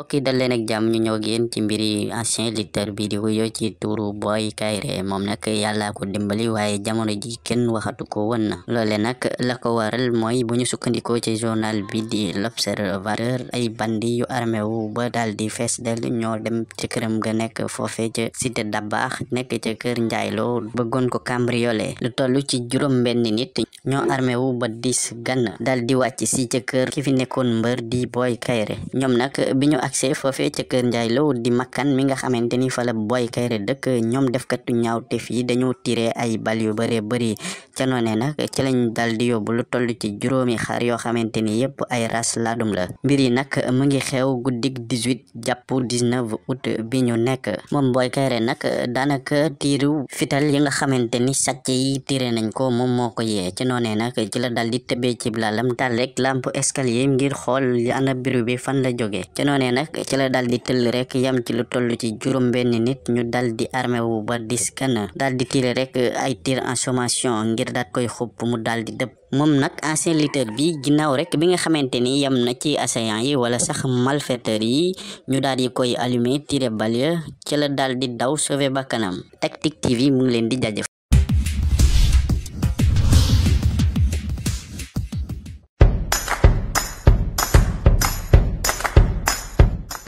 mbokk yi dal leen ak jàmm ñu ñëw ak yéen ci mbiri ancien lutteur bi di wuyoo ci turu Boy Kaïré moom nag yàllaa ko dimbali waaye jamono ji kenn waxatu ko woon na loole nag la ko waral mooy bu ñu sukkandikoo ci journal bi di l'observateur ay bandi yu armé wu ba daal di fees del ñoo dem ci këram ga nekk foofe ca cité Dabaax nekk ca kër Njaayloo bëggoon ko cambriolé lu toll ci juróom benn nit ñoo armé ba dis gann daal di wàcc si ca kër ki fi nekkoon mbër di Boy Kaïré ñoom nag bi accès foofee ca kër Ndiaye Lo di makkan mi nga xamante ni fa la Boy Kaïré dëkk ñoom defkatu ñaawteef yi dañoo tiire ay bal yu bëree bëri ca noonee nag ci lañ dal di yóbbu lu toll ci juróomi xar yoo xamante ni yëpp ay ras laadum la mbir yi nag mu ngi xew guddig 18 jàpp 19 août bi ñu nekk moom booy Kaïré nag daanaka tiiru fital yi nga xamante ni sàcc yi tiré nañ ko moom moo ko yee ca noonee nag ci la dal di tëbee ci blalam dal rek lampe escalier ngir xool ana fan la jógee amee nag ci la daal di tëll rek yam ci lu toll ci juróom benn nit ñu dal di armé wu ba diskan daal di tiire rek ay tir en sommation ngir daat koy xupp mu daal di dëpp moom nag ancien lutteur bi ginnaaw rek bi nga xamante ni yam na ci assaillant yi wala sax malfaiteur yi ñu daal di koy allumer tiré balle ci la daal di daw sauver bakkanam Tactic TV mu leen di jaajëf